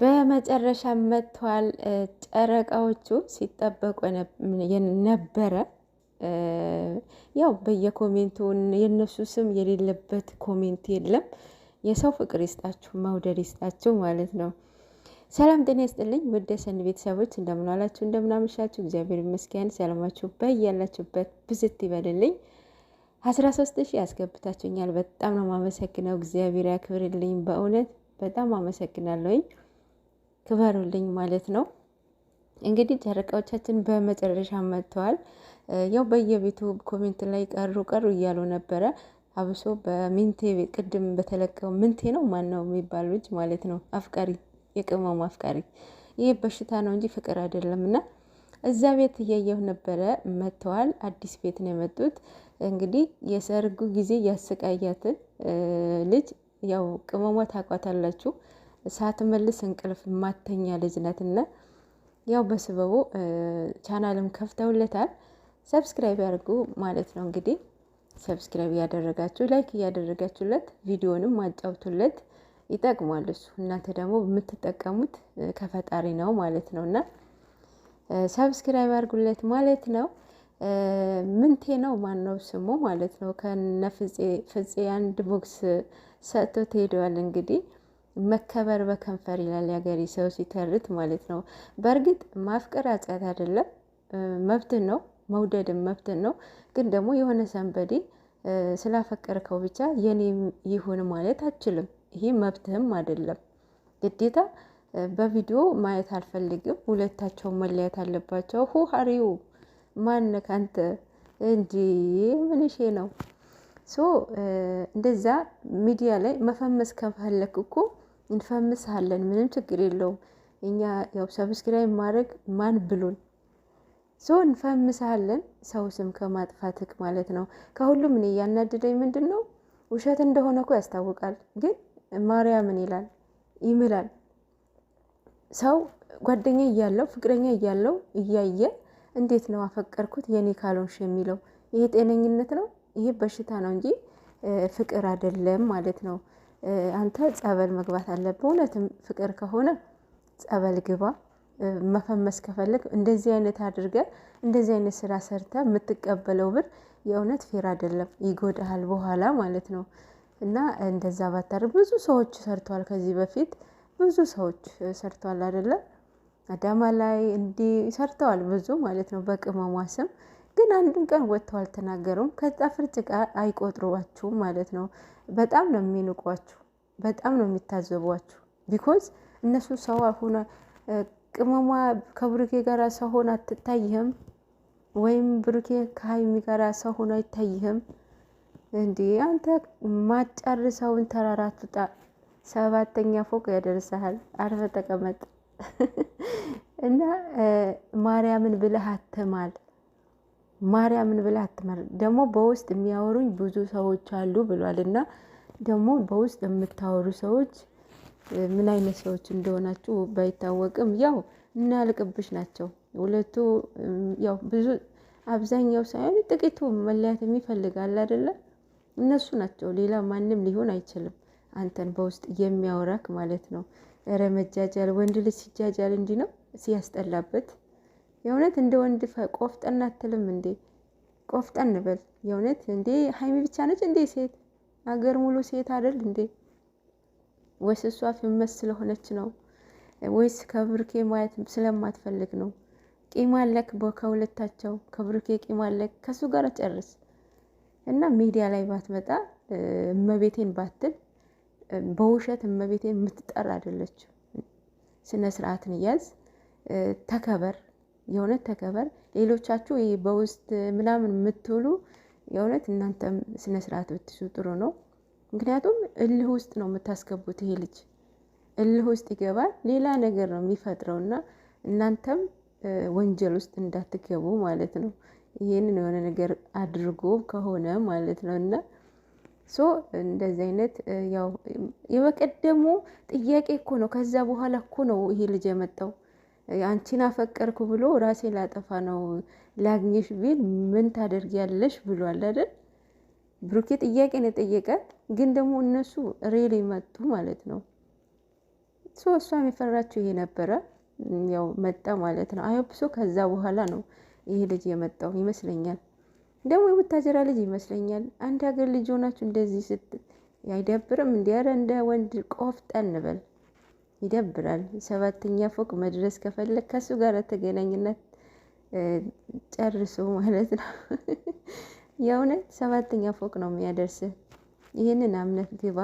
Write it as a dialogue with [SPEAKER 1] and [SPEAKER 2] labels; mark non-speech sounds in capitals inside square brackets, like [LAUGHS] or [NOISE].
[SPEAKER 1] በመጨረሻ መጥተዋል። ጨረቃዎቹ ሲጠበቁ ነበረ። ያው በየኮሜንቱ የእነሱ ስም የሌለበት ኮሜንት የለም። የሰው ፍቅር ይስጣችሁ፣ መውደድ ይስጣችሁ ማለት ነው። ሰላም ጤና ይስጥልኝ ውድ የሰኒ ቤተሰቦች እንደምናላችሁ እንደምናመሻችሁ፣ እግዚአብሔር ይመስገን። ሰላማችሁ በያላችሁበት ብዝት ይበልልኝ። አስራ ሶስት ሺህ ያስገብታችሁኛል። በጣም ነው ማመሰግነው። እግዚአብሔር ያክብርልኝ። በእውነት በጣም አመሰግናለሁኝ። ክበሩልኝ ማለት ነው። እንግዲህ ጨረቃዎቻችን በመጨረሻ መጥተዋል። ያው በየቤቱ ኮሜንት ላይ ቀሩ ቀሩ እያሉ ነበረ። አብሶ በሚንቴ ቅድም በተለቀው ምንቴ ነው ማን ነው የሚባል ልጅ ማለት ነው አፍቃሪ የቅመሙ አፍቃሪ ይህ በሽታ ነው እንጂ ፍቅር አይደለም። እና እዛ ቤት እያየሁ ነበረ። መጥተዋል። አዲስ ቤት ነው የመጡት። እንግዲህ የሰርጉ ጊዜ ያሰቃያትን ልጅ ያው ቅመሟ ታቋታላችሁ? ሳትመልስ እንቅልፍ ማተኛ ልጅ ናትና ያው በስበቡ ቻናልም ከፍተውለታል። ሰብስክራይብ ያድርጉ ማለት ነው እንግዲህ ሰብስክራይብ እያደረጋችሁ ላይክ እያደረጋችሁለት ቪዲዮንም አጫውቱለት፣ ይጠቅማል እሱ። እናንተ ደግሞ የምትጠቀሙት ከፈጣሪ ነው ማለት ነው እና ሰብስክራይብ አድርጉለት ማለት ነው። ምንቴ ነው ማነው ስሙ ማለት ነው። ከነ ፍፄ አንድ ቦክስ ሰጥቶ ትሄደዋል እንግዲህ መከበር በከንፈር ይላል የሀገሬ ሰው ሲተርት ማለት ነው። በእርግጥ ማፍቀር አጽያት አይደለም፣ መብትን ነው መውደድም መብትን ነው። ግን ደግሞ የሆነ ሰንበዴ ስላፈቀርከው ብቻ የኔ ይሁን ማለት አችልም። ይሄ መብትህም አይደለም ግዴታ በቪዲዮ ማየት አልፈልግም፣ ሁለታቸው መለያየት አለባቸው። ሁ ሀሪው ማን እንጂ ምን ነው ሶ እንደዛ ሚዲያ ላይ መፈመስ ከፈለክ እኮ እንፈምስሃለን፣ ምንም ችግር የለውም። እኛ ያው ሰብስክራይብ ማድረግ ማን ብሎን ሶ እንፈምስሃለን፣ ሰው ስም ከማጥፋትክ ማለት ነው። ከሁሉም እኔ እያናደደኝ ምንድን ነው ውሸት እንደሆነ እኮ ያስታውቃል፣ ግን ማርያምን ይላል ይምላል ሰው ጓደኛ እያለው ፍቅረኛ እያለው እያየ እንዴት ነው አፈቀርኩት የኔ ካልሆንሽ የሚለው ይሄ ጤነኝነት ነው? ይሄ በሽታ ነው እንጂ ፍቅር አይደለም ማለት ነው። አንተ ጸበል መግባት አለብህ። በእውነትም ፍቅር ከሆነ ጸበል ግባ። መፈመስ ከፈለግ እንደዚህ አይነት አድርገ እንደዚህ አይነት ስራ ሰርተ የምትቀበለው ብር የእውነት ፌር አይደለም፣ ይጎዳሃል በኋላ ማለት ነው። እና እንደዛ ባታር ብዙ ሰዎች ሰርተዋል። ከዚህ በፊት ብዙ ሰዎች ሰርተዋል አይደለም አዳማ ላይ እንዲህ ሰርተዋል ብዙ ማለት ነው በቅመሟ ስም ግን አንድን ቀን ወጥተው አልተናገሩም ከዛ ፍርድ ጋር አይቆጥሯችሁም ማለት ነው። በጣም ነው የሚንቋችሁ፣ በጣም ነው የሚታዘቧችሁ። ቢኮዝ እነሱ ሰው ሆነ ቅመሟ ከብሩኬ ጋር ሰው አትታይህም፣ ወይም ብሩኬ ከሀይሚ ጋር ሰው አይታይህም። እንዲ አንተ ማጨርሰውን ተራራ ትውጣ፣ ሰባተኛ ፎቅ ያደርሰሃል። አርፈ ተቀመጥ [LAUGHS] እና ማርያምን ብለህ አትማል። ማርያምን ብላ አትመር። ደግሞ በውስጥ የሚያወሩኝ ብዙ ሰዎች አሉ ብሏል እና ደግሞ በውስጥ የምታወሩ ሰዎች ምን አይነት ሰዎች እንደሆናችሁ ባይታወቅም ያው እናያልቅብሽ ናቸው ሁለቱ። ያው ብዙ አብዛኛው ሳይሆን ጥቂቱ መለያት የሚፈልጋል አይደለ? እነሱ ናቸው። ሌላ ማንም ሊሆን አይችልም። አንተን በውስጥ የሚያወራክ ማለት ነው። ረመጃጃል ወንድ ልጅ ሲጃጃል እንዲህ ነው ሲያስጠላበት የእውነት እንደ ወንድ ቆፍጠን አትልም እንዴ? ቆፍጠን በል የእውነት እንዴ! ሀይሚ ብቻ ነች እንዴ ሴት? አገር ሙሉ ሴት አይደል እንዴ? ወይስ እሷ ፌመስ ስለሆነች ነው? ወይስ ከብሩኬ ማየት ስለማትፈልግ ነው? ቂም አለክ ከሁለታቸው ከብሩኬ ቂም አለክ። ከሱ ጋር ጨርስ እና ሚዲያ ላይ ባትመጣ እመቤቴን ባትል በውሸት እመቤቴን የምትጠራ አይደለችም። ስነ ስርዓትን ያዝ፣ ተከበር። የእውነት ተከበር። ሌሎቻችሁ ይሄ በውስጥ ምናምን የምትውሉ የእውነት እናንተም ስነስርዓት ስርዓት ጥሩ ነው። ምክንያቱም እልህ ውስጥ ነው የምታስገቡት። ይሄ ልጅ እልህ ውስጥ ይገባል፣ ሌላ ነገር ነው የሚፈጥረው እና እናንተም ወንጀል ውስጥ እንዳትገቡ ማለት ነው። ይህንን የሆነ ነገር አድርጎ ከሆነ ማለት ነው እና ሶ እንደዚህ አይነት ያው የበቀደሙ ጥያቄ እኮ ነው። ከዛ በኋላ እኮ ነው ይሄ ልጅ የመጣው። አንቺን አፈቀርኩ ብሎ ራሴ ላጠፋ ነው ላግኘሽ ቢል ምን ታደርጊያለሽ ብሏል አይደል? ብሩኬ ጥያቄ ነው የጠየቀ ግን ደግሞ እነሱ ሬል መጡ ማለት ነው። ሶ እሷም የፈራችው ይሄ ነበረ። ያው መጣ ማለት ነው። አዮብሶ ከዛ በኋላ ነው ይሄ ልጅ የመጣው ይመስለኛል። ደግሞ የቡታጀራ ልጅ ይመስለኛል። አንድ ሀገር ልጅ ሆናችሁ እንደዚህ ስት አይደብርም? እንዲያረ እንደ ወንድ ቆፍጠን በል ይደብራል። ሰባተኛ ፎቅ መድረስ ከፈለግ ከሱ ጋር ተገናኝነት ጨርሶ ማለት ነው። የእውነት ሰባተኛ ፎቅ ነው የሚያደርስ ይህንን አምነት ግባ።